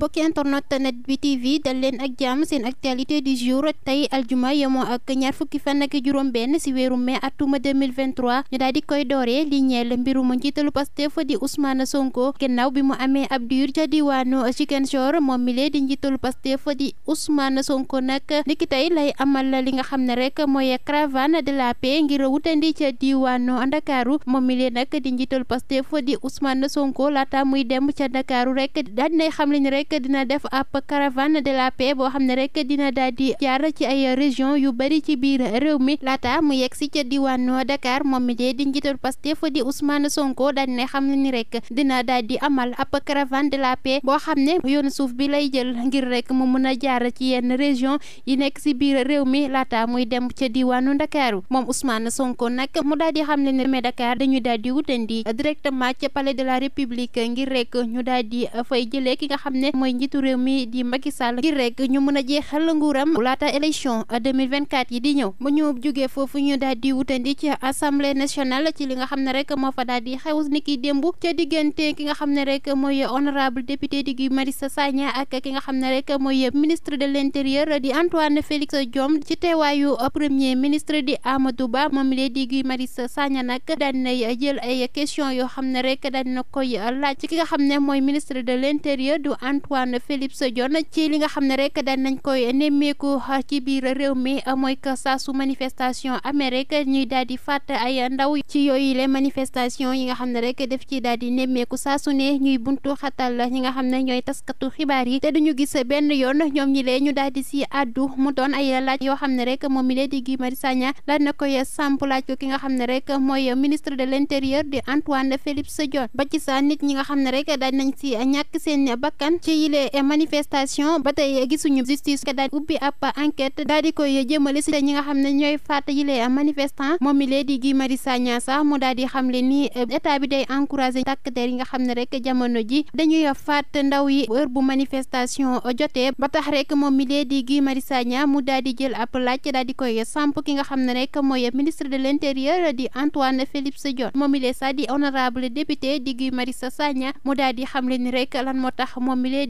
mbokki internet net bi TV dal leen ak jàmm seen actualité du jour tey aljuma yemoo ak ñaar fukki fan ak juróom-benn si weeru mai atuma 2023 ñu daal di koy dooree li ñeel mbirum njiitalu Pastef di Ousmane Sonko gannaaw bi mu amee ab diir ca moom mi lee di njiitalu Pastef di Ousmane Sonko nag niki tey lay amal li nga xam ne rek mooy caravane de la paix ngir wutandi ca diwaanu Ndakaaru moom mi lee nag di njiitalu Pastef di Ousmane Sonko laata muy dem ca Ndakaaru rek daal nay xam leen rek. rek dina def ab caravane de la paix boo xam ne rek dina daal di jaar ci ay région yu bëri ci biir réew mi laata mu yegg si ca diwaanu Dakar moom mi dee di njiital Pastef di Ousmane Sonko dañ ne xam ne ni rek dina daal amal ab caravane de la paix boo xam ne yoon suuf bi lay jël ngir rek mu mun a jaar ci yenn région yi nekk si biir réew mi laata muy dem ca diwaanu ndakaaru moom Ousmane Sonko nag mu daal di xam ne ni mais Dakar dañuy daal di wutandi directement ca palais de la République ngir rek ñu daal di fay jëlee ki nga xam ne mooy njiitu réew mi di Macky Sall ngir ñu mën a jeexal nguuram laata élection 2024 yi di ñëw bu ñu jógee foofu ñu daal wutandi ci assemblée nationale ci li nga xam ne rek moo fa daal di ne rek mooy honorable député di Guy Marius Sagna ak ki nga xam ne rek mooy ministre de l'intérieur di Antoine Félix Diome ci teewaayu premier ministre di Amadou Ba moom lee di Guy Marius Sagna nag daal nay jël ay question yoo xam ne rek daal na koy laaj ci ki nga xam ne mooy de Antoine Félix Diome ci li nga xam ne rek daan nañ koy nemmeeku ci biir réew mi mooy que saa su manifestation amee ñuy daal di fàtt ay ndaw ci yooyu le manifestation yi nga xam ne rek def ci daal di nemmeeku saa su ne ñuy buntu xatal ñi nga xam ne ñooy taskatu xibaar yi te duñu gis benn yoon ñoom ñi lee ñu daal di si àddu mu doon ay laaj yoo xam ne rek moom mi lee di Guy Marius Sagna laaj na koy samp laaj ko ki nga xam ne rek mooy ministre de l'intérieur di Antoine Félix Diome ba ci sa nit ñi nga xam ne rek daal nañ si ñàkk seen bakkan ci yile eh, manifestation ba tey eh, gisuñu justice daal ubbi ab enquête daal di koy jëmale si ñi nga xam ne ñooy faat yile manifestant moom mi lee di Guy Marius Sagna sax mu daal di xamle ni eh, bi day encouragé takk der yi nga xam ne rek jamono ji dañuy faat ndaw yi heure bu manifestation jotee ba tax rek moom mi lee di Guy Marius Sagna mu daal di jël ab laaj daal di koy samp ki nga xam ne rek mooy ministre de l'intérieur di Antoine Félix Diome moom mi lee sax di honorable député di Guy Marius Sagna mu daal di xamle ni rek lan moo tax moom mi lee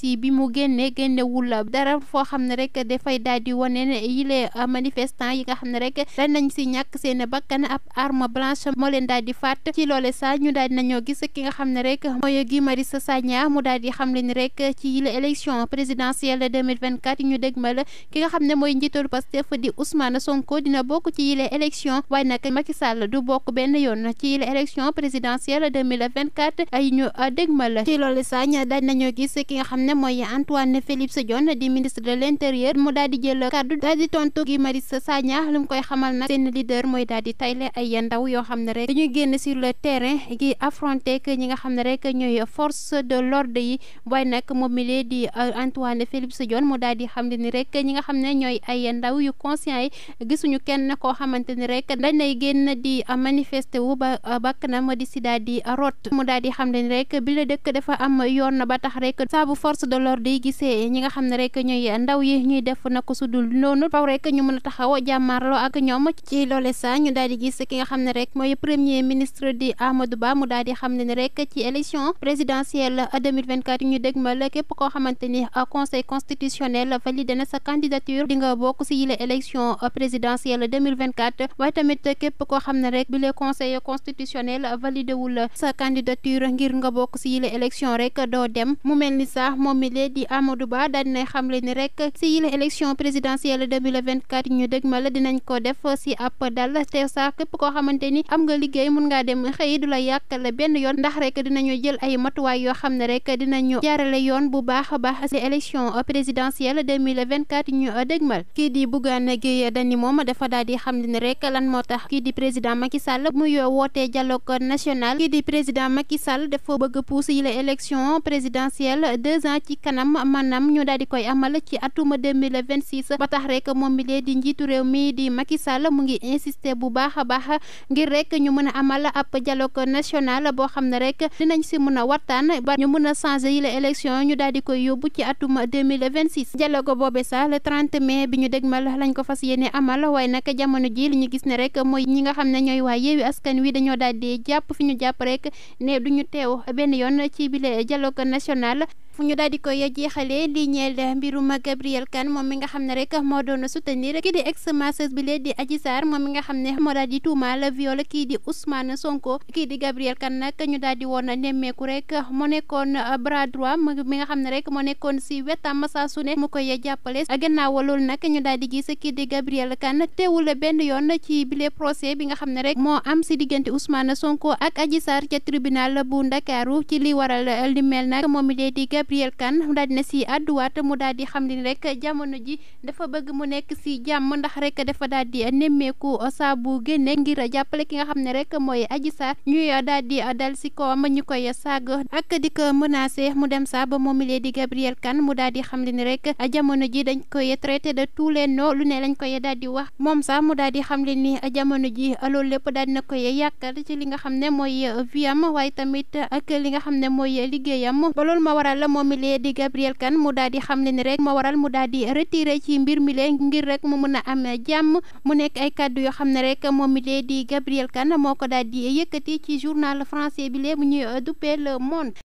aussi bi mu génnee génnewul dara foo xam ne rek dafay daal di wane ne manifestant yi nga xam ne rek dañ nañ si ñàkk seen bakkan ab arme blanche moo leen daal di ci loole sa ñu nañoo gis ki nga xam ne rek mooy Guy Marius Sagna di xam Sonko dina bokk ci yile élection waaye nag Macky Sall du bokk benn yoon ci yile élection présidentielle 2024 ay ñu dégmal ci loole sa daal nañoo gis ki nga xam ne ne mooy Antoine Félix Diome di ministre de l' mu daal di jël kàddu daal di tontu Guy Marius Sagna li mu koy xamal nag seen leader mooy daal di tayle ay ndaw yoo xam ne rek dañuy génn sur le terrain gi affronté que ñi nga xam ne rek ñooy force de l' ordre yi waaye nag moom mi lee di euh, Antoine Félix Diome di xam ne ni rek xam ne ñooy ay ndaw yu conscient yi gisuñu kenn koo xamante ni rek dañ lay génn di manifester wu ba euh, bakk na ma di si daal di rot mu daal di xam ne ni rek bi la dëkk dafa am yoon ba tax rek force de gisee ñi nga xam ne rek ñooy ndaw yi ñuy def naka su dul noonu faw rek ñu mën a taxaw jàmmaarloo ak ñoom ci loole sa ñu daal di gis ki nga xam ne rek mooy premier ministre di Amadou Ba mu daal di xam ne ni rek ci élection présidentielle 2024 ñu dégmal képp koo xamante ni conseil constitutionnel validé na sa candidature di nga bokk si yile élection présidentielle 2024 waaye tamit képp koo xam ne rek bi le conseil constitutionnel validé wul sa candidature ngir nga bokk si yile élection rek doo dem mu mel ni sax moom mi lee di Amadou Ba daal dinay xamle ni rek si yile présidentielle 2024 ñu dëgmal dinañ ko def si ab dal te sax képp koo xamante ni am nga liggéey mun ngaa dem xëy du la yàqale benn yoon ndax rek dinañu jël ay matuwaay yoo xam ne rek dinañu jaarale yoon bu baax a baax si élection présidentielle 2024 ñu dëgmal kii di Bougane Gueye Dany moom dafa daal di xam ne rek lan moo tax kii di président Macky Sall muy wootee dialogue national kii di président Macky Sall dafa bëgg pousse yile élection présidentielle deux ans ci kanam maanaam ñu daal di koy amal ci atuma vingt 2026 ba tax rek moom mi lee di njiitu réew mi di Macky Sall mu ngi insister bu baax a baax ngir rek ñu mën a amal ab dialogue national boo xam ne rek dinañ si mën a waxtaan ba ñu mën a changer yi élection ñu daal di koy yóbbu ci atuma 2026 dialogue boobe sax le 30 mai bi ñu lañ ko fas yéene amal waaye nag jamono ji li ñu gis ne rek mooy ñi nga xam ne ñooy waa yeewi askan wi dañoo daal di jàpp fi ñu jàpp rek ne duñu teew benn yoon ci bile dialogue national fu ñu daal di koy jeexalee li ñeel mbirum Gabrielle Kane moom mi nga xam ne rek moo doon soutenir kii di ex masseuse bi leen di Adji moom mi nga xam ne moo daal di tuumaal viol kii di Ousmane Sonko kii di Gabrielle Kane nag ñu daal di woon nemmeeku rek mu nekkoon bras droit mi nga xam ne rek moo nekkoon si wetam saa su ne mu koy jàppale gannaaw loolu nak ñu daal di gis kii di Gabrielle Kane teewul benn yoon ci bile procès bi nga xam ne rek moo am si diggante Ousmane Sonko ak Adji Sarr ca tribunal bu Ndakaaru ci li waral li mel nag moom Gabriel Kane daal dina si àdduwaat mu daal di xam ni jamono ji dafa bëgg mu nekk si jàmm ndax rek dafa daal a nemmeeku saa bu génne ngir jàppale ki nga xam ne rek mooy Adji Sarr ñuy daal di dal si kawam ñu koy sàgg ak di ko menacé mu dem sa ba moomilee di Gabriel Kane mu daal di xam ni rek jamono ji dañ koy traité de tous les noms lu ne lañ koy daal wax moom sax mu daal di xam le ni jamono ji loolu lépp daal dina koy yàqal ci li xam ne mooy viam waaye tamit ak moom mi lee di Gabriel kan mu daal di xam ne ni rek moo waral mu daal di ci mbir mi lee ngir rek mu mën a am jàmm mu nekk ay kàddu yoo xam ne rek moom mi lee di Gabriel Kane moo ko daal di ci journal français bi lee bu ñuy duppee Le Monde